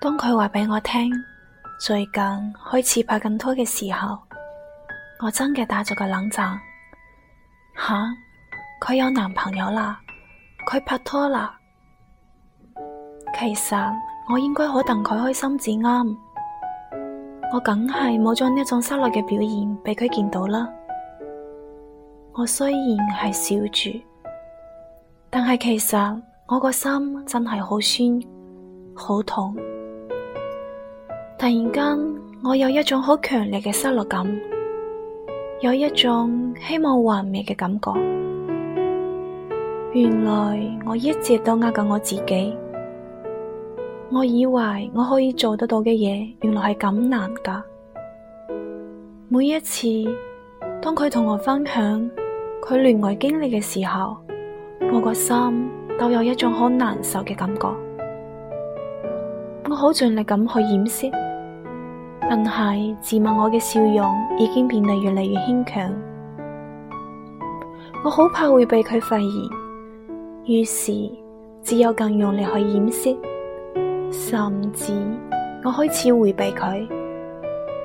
當佢話畀我聽，最近開始拍緊拖嘅時候，我真嘅打咗個冷震。吓，佢有男朋友啦，佢拍拖啦。其實我應該好等佢開心至啱，我梗係冇將呢一種失落嘅表現俾佢見到啦。我雖然係笑住，但係其實我個心真係好酸好痛。突然間，我有一種好強烈嘅失落感，有一種希望幻滅嘅感覺。原來我一直都呃緊我自己，我以為我可以做得到嘅嘢，原來係咁難噶。每一次當佢同我分享佢戀愛經歷嘅時候，我個心都有一種好難受嘅感覺。我好盡力咁去掩飾。但係，自問我嘅笑容已經變得越嚟越牽強，我好怕會被佢發現，於是只有更用力去掩飾，甚至我開始回避佢。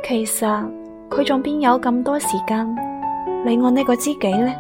其實佢仲邊有咁多時間理我呢個知己呢？